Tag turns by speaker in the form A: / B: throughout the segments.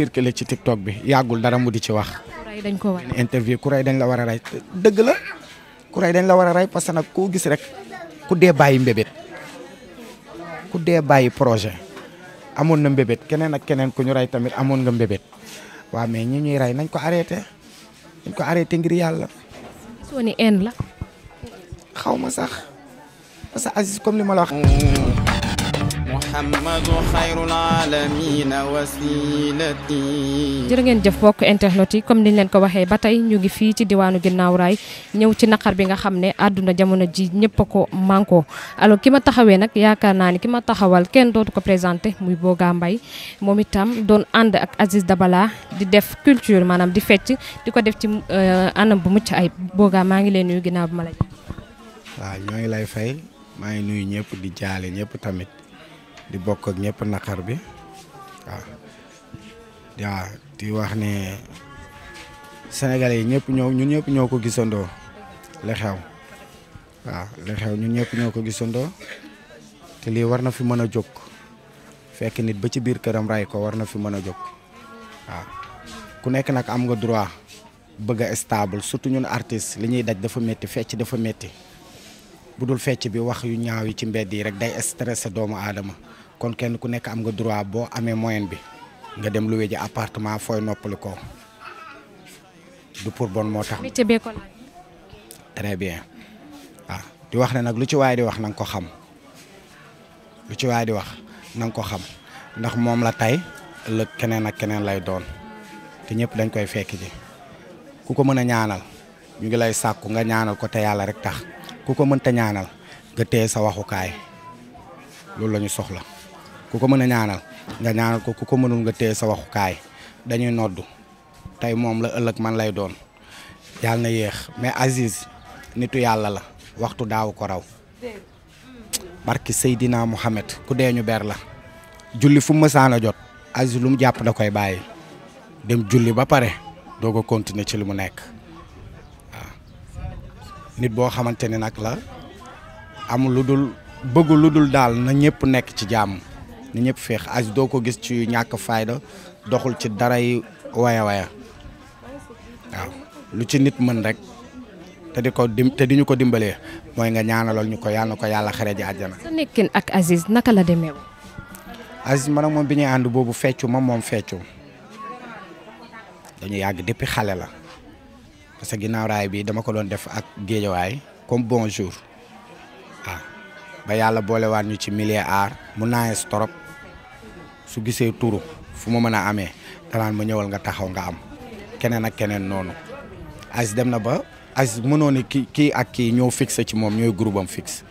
A: circulé ci TikTok bi yàggul dara mu di ci wax. interview ku rey dañ la war a rey la ku dañ la war rey parce que nag koo gis rek ku dee bàyyi mbébét ku dee bàyyi projet amoon na mbébét keneen ak keneen ku ñu rey tamit amoon nga mbébét waaw mais ñu ñuy rey nañ ko arrêté nañ ko arrêté ngir yàlla. soo sax parce que comme li ma la wax. Muhammad xayrul aalamiin wasiilati jërë
B: ngeen jëf bokk internet yi comme niñ leen ko waxee ba tey ñu ngi fii ci diwaanu ginnaaw raay ñëw ci naqar bi nga xam ne àdduna jamono ji ñëpp ko mankoo alors ki ma taxawee nag yaakaar naa ni ki ma taxawal kenn dootu ko présenté muy Boga mbay moom itam doon ànd ak Aziz balaa di def culture maanaam di fecc di ko def ci euh, anam bu mucc ay Boga maa ngi leen nuyu ginnaaw bi ma la
A: waaw ñoo ngi lay fay maa ngi nuyu ñëpp di ñëpp tamit di bokk ak ñépp naqar bi waaw di wax ne senegal yi ñëpp ñëw ñu ñëpp ñoo ko gisandoo la xew waaw la xew ñun ñëpp ñoo ko gisandoo te lii war na fi mën a jóg fekk nit ba ci biir këram ray ko war na fi mën a jóg waaw ku nekk nag am nga droit bëgg a stable surtout ñun artist li ñuy daj dafa metti fecc dafa métti bu dul fecc bi wax yu ñaaw yi ci mbedd yi rek day stressé doomu aadama kon kenn ku nekk am nga droit boo amee moyen bi nga dem loué ji appartement fooy noppali ko du pour bon moo tax. très bien waaw ah, di wax ne nag lu ci waay di wax na nga ko xam lu ci waay di wax na ko xam ndax moom la tey ëllëg keneen ak keneen lay doon te ñëpp dañ koy fekk ji ku ko mën a ñaanal ñu ngi lay sàkku nga ñaanal ko te yàlla rek tax ku ko mënta ñaanal nga téye sa waxukaay loolu la ñu soxla. ku ko mën a ñaanal nga ko ku ko mënul nga téye sa waxukaay dañuy noddu tey moom la ëllëg man lay doon yàlla na yéex mais Aziz nitu yàlla la waxtu daaw ko raw barki Seydina Mohamed ku dee ñu ber la julli fu mu mësaan a jot Aziz lu jàpp da koy bàyyi dem julli ba pare doog a continuer ci li mu nekk nit boo xamante ni nag la amul lu dul bëggul lu dul daal na ñëpp nekk ci jàmm na ñëpp feex Aziz doo ko gis ci ñàkk fayda doxul ci daray waya waya waaw lu ci nit mën rek te di ko dim te di ñu ko dimbalee mooy nga ñaanalool ñu ko yàlla ko yàlla xere ji àjjana.
B: ak Aziz naka la demee
A: woon. man ak moom bi ñuy ànd boobu feccu ma moom feccu dañu yàgg depuis xale la parce que ginnaaw raay bi dama ko doon def ak géejawaay comme bonjour ah ba yàlla boolewaat ñu ci milieu art mu naages trop su gisee turu fu ma mën a amee danaan ma ñëwal nga taxaw nga am keneen ak keneen noonu Aziz dem na ba Aziz mënoo ki kii ak kii ñoo fixé ci moom ñooy groupe am fixe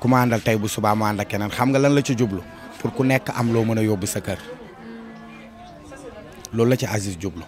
A: ku ma àndal tey bu subaa ma ànd ak keneen xam nga lan la ci jublu pour ku nekk am loo mën a yóbbu sa kër loolu la ci Aziz jublu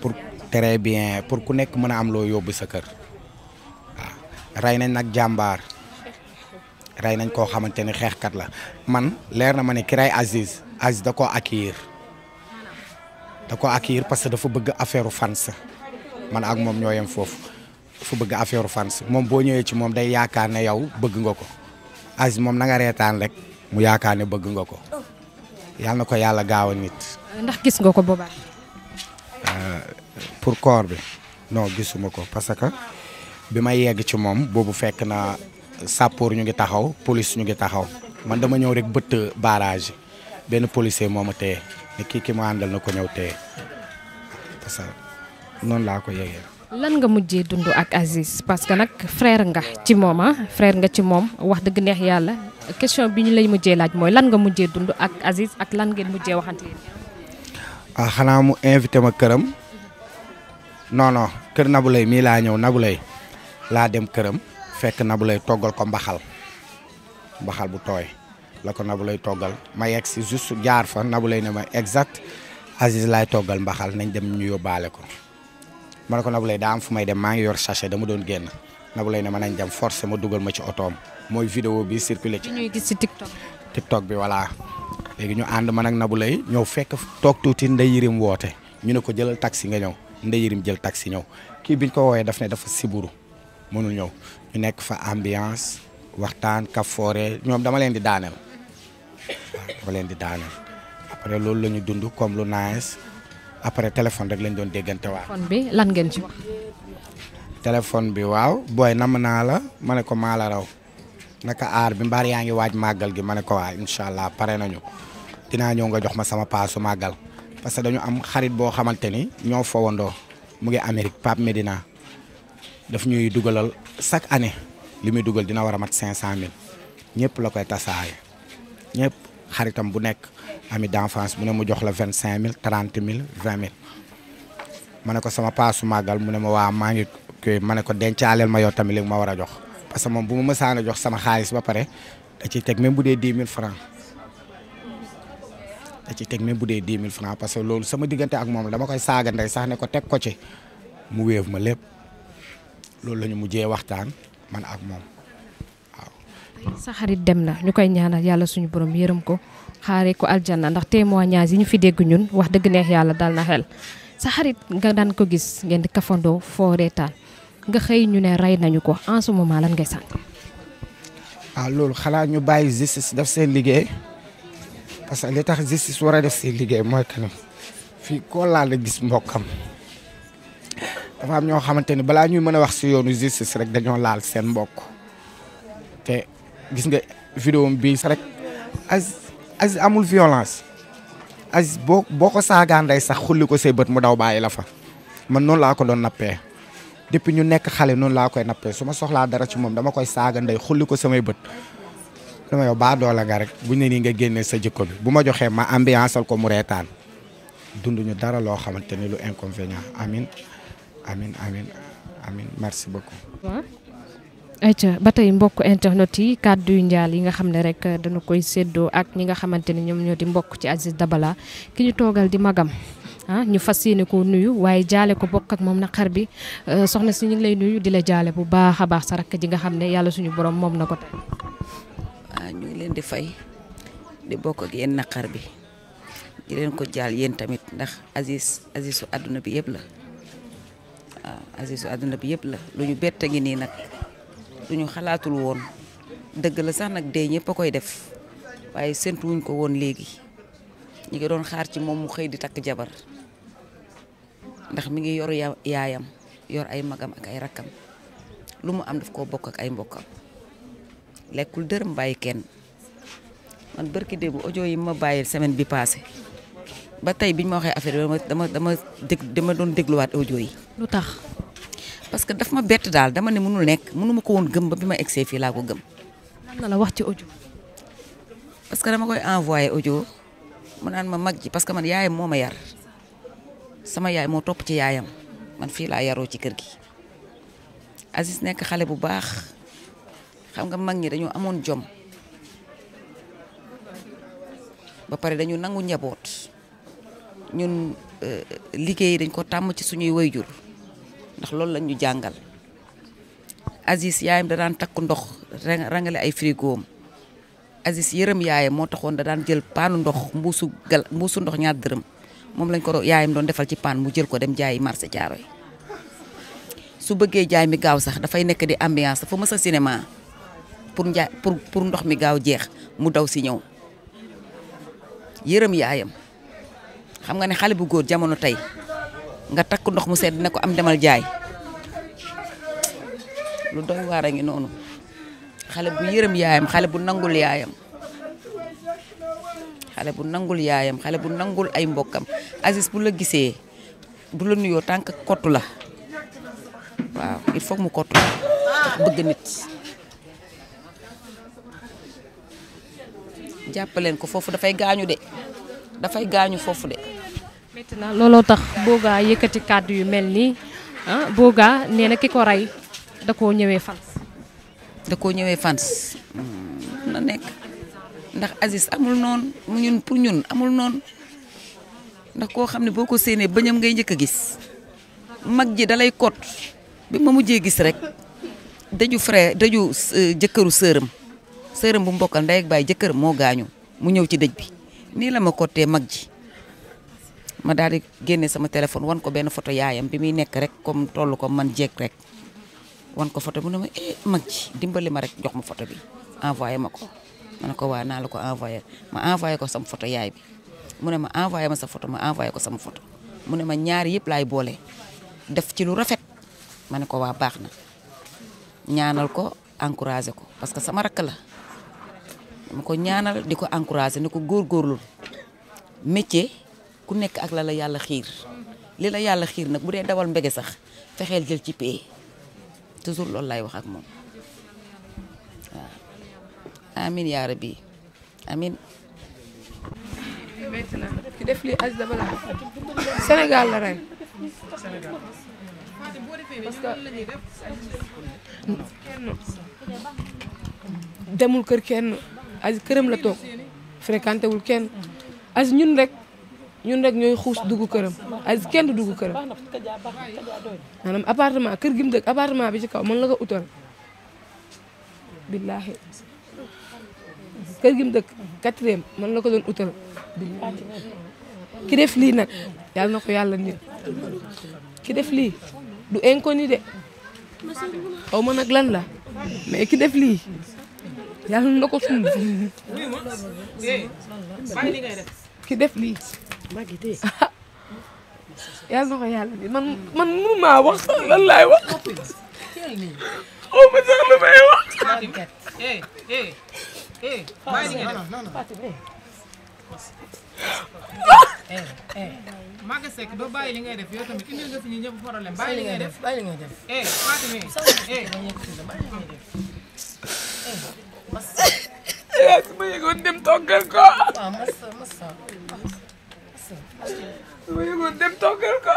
A: pour très bien pour ku nekk mën a am loo yóbbu sa kër rey nañ nag jàmbaar rey nañ koo xamante ni xeexkat la man leer na ma ne ki rey Aziz Aziz da ko accueillir da ko accueillir parce que dafa bëgg affaire fans man ak moom ñoo yem foofu dafa bëgg affaire fans moom boo ñëwee ci moom day yaakaar ne yow bëgg nga ko Aziz moom na reetaan rek mu yaakaar ne bëgg nga ko yàlla na ko yàlla gaaw a nit. ndax gis nga ko boobaa. Euh, pour corps bi no gisuma ko parce que bi ma yegg ci moom boobu fekk na sappoor ñu ngi taxaw police ñu ngi taxaw man dama ñëw rek bëtt barrage benn policier moo ma téye ne kii ki ma àndal na ko ñëw téye noonu laa ko yëgee.
B: lan nga mujjee dund ak Aziz parce que nag frère nga ci moom ah frère nga ci moom wax dëgg neex yàlla question bi ñu lay mujjee laaj mooy lan nga mujjee dund ak Aziz ak lan ngeen mujjee waxante a
A: ah, xanaa mu invité ma këram non non kër Naboulaye mii laa ñëw Naboulaye laa dem këram fekk Naboulaye toggal ko mbaxal mbaxal bu tooy. la ko Nabou Leye toggal ma yegg si juste jaar fa Nabou Leye ne ma exact Aziz laay toggal mbaxal nañ dem ñu yóbbaale ko ma ne ko Nabou Leye daa am fu may dem maa ngi yor sachet dama doon génn Nabou Leye ne ma nañ jam forcé ma dugal ma ci otoom mooy vidéo bi circulé ci. ñuy gis si TikTok. TikTok bi voilà léegi ñu ànd ma nag Nabou Leye ñëw fekk toog tuuti Ndeye Yirim woote ñu ne ko jëlal taxi nga ñëw Ndeye Yirim jël taxi ñëw kii biñ ko woowee daf ne dafa siburu mënul ñëw ñu nekk fa ambiance waxtaan ka foore ñoom dama leen di daaneel. dafa leen di daaneel après loolu la ñu dund comme lu nice après téléphone rek lañ doon déggante waa.
B: téléphone bi ngeen ci
A: bi waaw booy nam naa la ma ne ko maala raw naka aar bi mbaar yaa ngi waaj màggal gi ma ne ko waa incha allah pare nañu dinaa ñëw nga jox ma sama paasu màggal parce que dañu am xarit boo xamante ni ñoo fowandoo mu ngi Amérique Pape Medina daf ñuy dugalal chaque année li muy dugal dina war a mat 500000 ñëpp la koy tasaare. ñëpp xaritam bu nekk ami d'enfance mu ne mu jox la vingt cinq mille trente mille vingt mille ma ne ko sama paasu màggal mu ne ma waa maa ngi koy ma ne ko dencaaleel ma yow tamit li ma war a jox parce que moom bu ma mësaan a jox sama xaalis ba pare da ciy teg même bu dee dix mille francs da ciy teg même bu dee dix mille francs parce que loolu sama diggante ak moom dama koy saaga ndey sax ne ko teg ko ci mu wéef ma lépp loolu lañu ñu mujjee waxtaan man ak moom.
B: sa xarit dem na ñu koy ñaanal yàlla suñu borom yërëm ko xaaree ko aljanna ndax témoignage yi ñu fi dégg ñun wax dëgg neex yàlla daal na xel sa xarit nga daan ko gis ngeen di kafandoo foo reetaan nga xëy ñu ne rey nañu ko en ce moment lan ngay sànq.
A: ah loolu xanaa ñu bàyyi justice def seen liggéey parce que li tax justice war a def seen liggéey mooy kanam fii koo laal la gis mbokkam dafa am ñoo xamante ni balaa ñuy mën a wax si yoonu justice rek dañoo laal seen mbokk gis nga vidéo bi rek Aziz Aziz amul violence Aziz boo boo ko saagaan day sax xulli ko say bët mu daw baa la fa man noonu laa ko doon nappee depuis ñu nekk xale noonu laa koy nappee su ma soxlaa dara ci moom dama koy saaga ndey xulli ko samay bët dama yow baa doola nga rek buñ ne nga génnee sa jikko bi bu ma joxee ma ambianceal ko mu reetaan dund ñu dara loo xamante ni lu inconvénient amin amin amin merci beaucoup
B: ayca ba tey mbokk internet yi kàddu yu njaal yi nga xam ne rek dañu koy séddoo ak ñi nga xamante ne ñoom ñoo di mbokk ci Aziz Dabala ki ñu toogal di magam ah, ñu fas yéene ko nuyu waaye jaale ko bokk ak moom naqar bi euh, soxna si ñu ngi lay nuyu di la jaale bu baaxa baax sa rakk ji nga xam ne yàlla suñu borom moom na ko tey.
C: Ah, leen di fay di bokk ak naqar bi di leen ko jaal yéen tamit ndax Aziz Azizu àdduna bi yëpp la waaw ah, àdduna bi yëpp la lu ñu bett ngi nii nag. lu ñu xalaatul woon dëgg la sax nag dee ñëpp a koy def waaye séntuwuñ ko woon léegi ñi ngi doon xaar ci moom mu xëy di takk jabar ndax mu ngi yor yaayam yor ay magam ak ay rakkam lu mu am daf koo bokk ak ay mbokkam lekkul dërëm bàyyi kenn man barki démb audio yi mu ma bàyyi semaine bi passé ba tey biñ ma waxee affaire dama dama dama dama doon dégluwaat audio yi. parce que daf ma bett daal dama ne mënul nekk mënuma ma ko woon gëm ba bi ma egsee fii laa ko gëm.
B: lan wax ci audio.
C: parce que dama koy envoyé audio mu naan ma mag ji parce que man yaayam moo ma yar sama yaay moo topp ci yaayam man fii laa yaroo ci kër gi. Aziz nekk xale bu baax xam nga mag ñi dañoo amoon jom ba pare dañu nangu njaboot ñun euh, liggéey dañ ko tàmm ci suñuy woy jur ndax loolu lañ ñu jàngal Aziz yaayam da daan takk ndox rangale ay frigoom Aziz yërëm yaayam moo taxoon da daan jël paanu ndox mbuusu gal mbuusu ndox ñaar dërëm moom lañ ko yaayam doon defal ci paan mu jël ko dem jaay marché jaaro yi su bëggee jaay mi gaaw sax dafay nekk di ambiance dafa mës a cinéma pour njaay pour pour ndox mi gaaw jeex mu daw si ñëw yërëm yaayam xam nga ne xale bu góor jamono tey nga takk ndox mu sedd ne ko am demal jaay lu doy waar a ngi noonu xale bu yërëm yaayam xale bu nangul yaayam xale bu nangul yaayam xale bu nangul ay mbokkam Aziz bu la gisee bu la nuyoo tànk kottu la waaw il faut mu kottu la bëgg nit jàppaleen ko foofu dafay gaañu de dafay gaañu foofu de
B: métti looloo tax Boga yëkkati kàddu yu mel nii ah Boga nee na ki ko rey
C: da koo ñëwee fans. da koo ñëwee fans mm, na nekk ndax Aziz amul noon mu ñun pour ñun amul noon ndax koo xam ne boo ko séenee bëñam ngay njëkk a gis mag ji dalay kot bi ma mujjee gis rek daju frère daju euh, jëkkëru sëram sërëm bu mbokkal ndey ak baay jëkkër moo gaañu mu ñëw ci dëj bi nii la ma kottee mag ji. ma daal di génne sama téléphone wan ko benn foto yaayam bi muy nekk rek comme toll ko man jeeg rek wan ko photo mu ne ma eh, mag dimbali ma rek jox ma photo bi envoyé ma ko ma ne ko waa naa ko envoyé ma envoyé ko sama photo yaay bi mu ne ma envoyé ma sa photo ma envoyé ko sama photo mu ne ma ñaari yëpp laay boole def ci lu rafet ma ne ko waa baax na ñaanal ko encouragé ko parce que sama rakk la mu ko ñaanal di ko encouragé ni ko góorgóorlu métier ku nekk ak la yàlla xiir li la yàlla xiir nag bu dee dawal mbege sax fexeel jël ci pay toujours loolu lay wax ak moom waaw amin yaa rabbi amin
D: ki def li Aziz Dabala Sénégal la rey parce demul kër kenn Aziz këram la toog fréquenté kenn Aziz ñun rek ñun rek ñooy xuus dugg këram Aziz kenn du dugg këram maanaam appartement kër gi mu dëkk appartement bi ci kaw mën la ko utal billaahi kër gi mu dëkk mën la ko doon utal
A: ki def lii nag
D: yàlla na ko yàlla ki def lii du inconnu de xaw ma nag lan la mais ki def lii yàlla na ko eh, ki def lii Hmm. Maguette. yàlla na ko yàlla bi man man mënumaa wax lan laay wax. xaw ma sax lu may wax. Maga Seck doo bàyyi li ngay def yow tamit indil nga fi ñu ñëpp problème bàyyi li ngay def bàyyi li ngay def. eh Fatima eh bàyyi li ngay def. ma yëgoon dem toggal ko. su ma yëgoon dem toggal ko.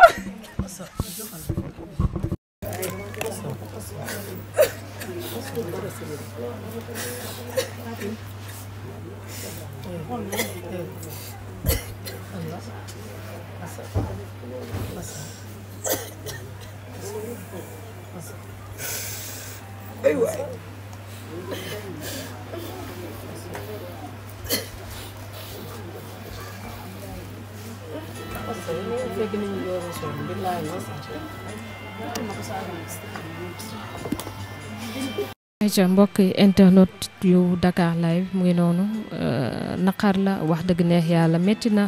D: ay waay
B: ca mbokk internet yu Dakar live mu ngi noonu euh, naqar la wax dëgg neex yàlla metti na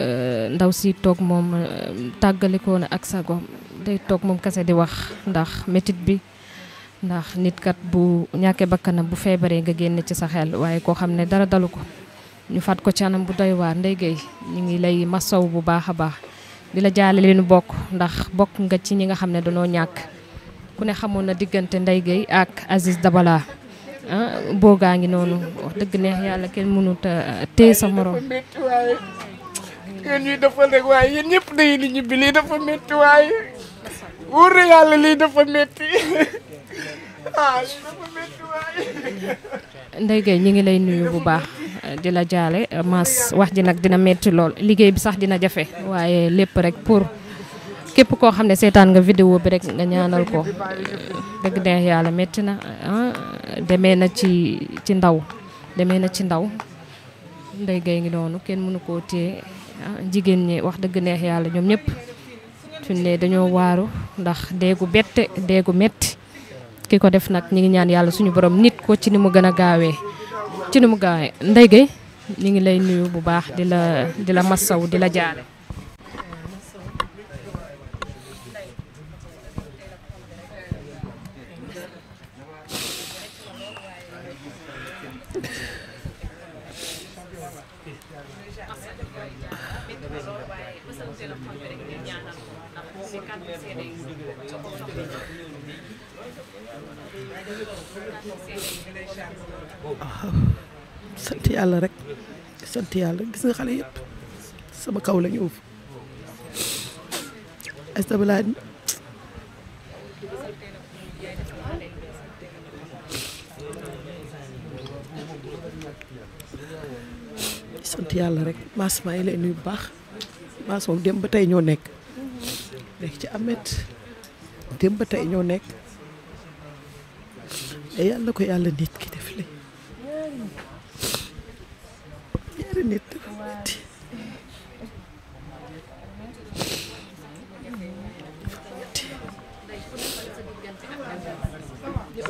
B: euh, ndaw si toog moom euh, tàggalikoo na ak sagoom day toog moom kase di wax ndax métit bi ndax nit kat bu ñàkkee bakkanam bu feebaree nga génne ci sa xel waaye koo xam ne dara dalu ko ñu faat ko ci anam bu doy waar Ndeye Gueye ñu ngi lay masaw bu baax a baax di la jaale li bokk ndax bokk nga ci ñi nga xam ne danoo ñàkk ku ne xamoon na diggante Ndeye Gueye ak Aziz Dabala ah boogaa ngi noonu dëgg neex yàlla kenn mënut a uh, téye sa morom.
A: yéen ñuy defal rek waaye yéen ñëpp dañuy di ñibbi lii dafa métti waaye wóor na lii dafa métti.
B: Ndeye Gueye ñu ngi lay nuyu bu baax di la jaale Mass wax ji nag dina metti lool liggéey bi sax dina jafe waaye lépp rek pour képp koo xam ne seetaan nga vidéo bi rek nga ñaanal ko dëgg neex yàlla metti na ah, deme na ci ci ndaw demee na ci ndaw Ndeye Gueye ngi noonu kenn mënu koo téye ah, jigéen ñi wax dëgg neex yàlla ñoom ñëpp fi dañoo waaru ndax déegu bette déegu metti ki ko def nag ñu ngi ñaan yàlla suñu borom nit ko ci ni mu gën a gaawee ci ni mu gaawee Ndeye Gueye ñu ngi lay nuyu bu baax di la di la masaw di la jaale
D: yàlla gis nga xale yëpp sama kaw la ñëw fi yàlla rek maas maa ngi lay nuyu bu baax maas moom dem ba tey ñoo nekk nekk ci amet dem tey ñoo nekk yàlla ko yàlla nit ki def li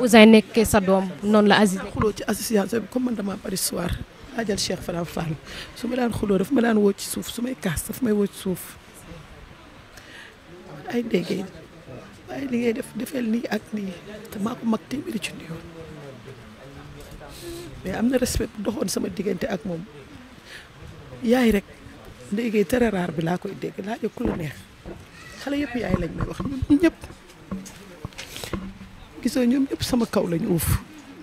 D: Ouzin nekke sa doom noonu la Aziz xuloo ci association bi comme man damaa bari soir laajal Cheikh Faram Fall su ma daan xuloo dafa ma daan woo ci suuf su may kaas daf may woo ci suuf ay déggee waaye li ngay def defeel nii ak nii te maa ko mag téeméeri ci nuyoo mais am na respect bu doxoon sama diggante ak moom yaay rek ndéggee tere raar bi laa koy dégg laa ku la neex xale yëpp yaay lañ may wax ñun ñëpp gisoo ñoom ñëpp sama kaw lañ uuf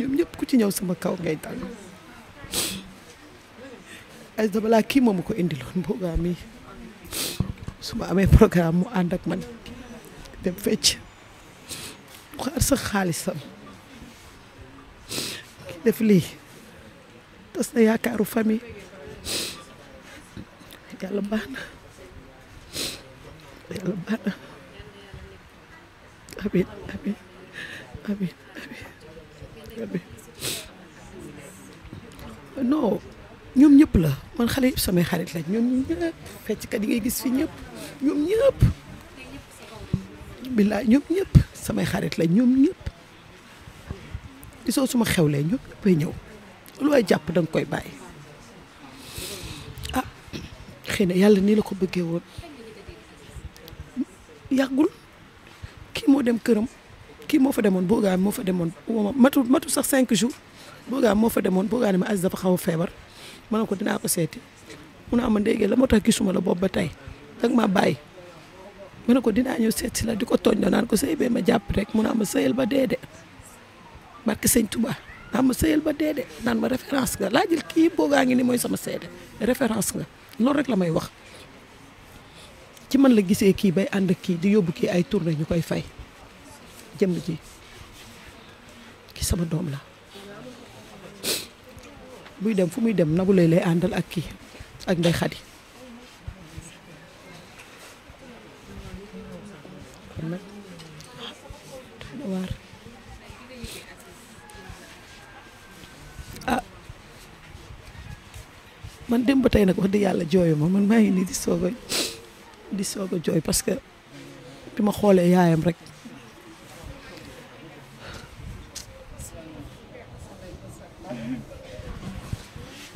D: ñoom ku ci ñëw sama kaw ngay dal ay dabalaa kii moomu ko indiloon boogaa su ma amee programme mu ànd ak man dem fecc xaar sa xaalisam ki def lii tas na yaakaaru famille yàlla baax na yàlla baax na amin amin amiin ñoom ñëpp la man xale yëpp samay xarit lañ ñoom ñëpp fecckat yi ngay gis fi ñëpp ñoom ñëpp billaay ñoom ñëpp samay xarit lañ ñoom ñëpp gisoo suma xewlee ñoom ñëppay ñëw lu waay jàpp da koy bàyyi ah xëy na yàlla nii la ko bëggee woon yàggul kii moo dem këram kii moo fa demoon boogaa moo fa demoon matu matu sax cinq jours boogaa moo fa demoon boogaa ne ma Aziz dafa xaw a feebar ma ne ko dinaa ko seeti mu ne ah, ma ndéegee la moo tax gisuma la boobu ba tey dag ma baay ma ne ko dinaa ñëw seet la di ko tooñ la naan ko sëy bee ma jàpp rek mu a ah, ma sëyal ba dee de barke sëñ Touba naan ah, ma sëyal ba dee de naan ma référence nga laajal kii boogaa ngi ni mooy sama seede référence nga loolu rek la may wax ci man la gisee kii bay ànd kii di yóbbu kii ay tournée ñu koy fay jëmm ji ki sama doom la buy dem fu muy dem Nabou Leye lay àndal ak kii ak Ndeye Khady ah. man dem ba tey nag wax dëgg yàlla jooyu ma man maa ngi nii di soog a di soog a jooy parce que bi ma xoolee yaayam rek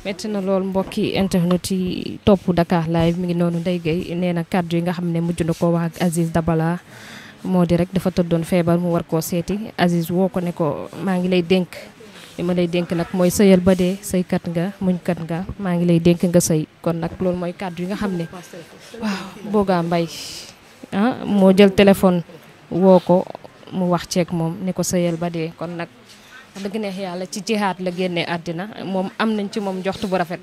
B: metti na lool mbokki internet yi topp dakaar live mi ngi noonu Ndeye Gueye nee na kàddu yi nga xam ne mujj na koo wax ak Aziz balaa moo di rek dafa tëddoon feebar mu war koo seeti Aziz woo ko ne ko maa ngi lay dénk li ma lay dénk nag mooy sëyal ba dee sëykat nga muñkat nga maa ngi lay dénk nga sëy kon nag loolu mooy kàddu yi nga xam ne waaw boogaa mbay ah moo jël téléphone woo ko mu wax ceek moom ne ko sëyal ba dee kon nag dëgg neex yàlla ci jihaat la génnee àddina moom am nañ ci moom njoxtu bu rafet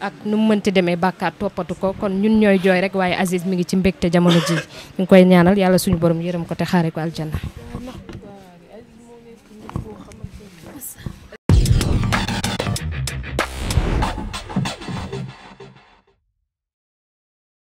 B: ak nu mu mënti demee bàkkaat toppatu ko kon ñun ñooy jooy rek waaye Aziz mi ngi ci mbégte jamono ji ñu ngi koy ñaanal yàlla suñu borom yërëm ko te xaare ko aljanna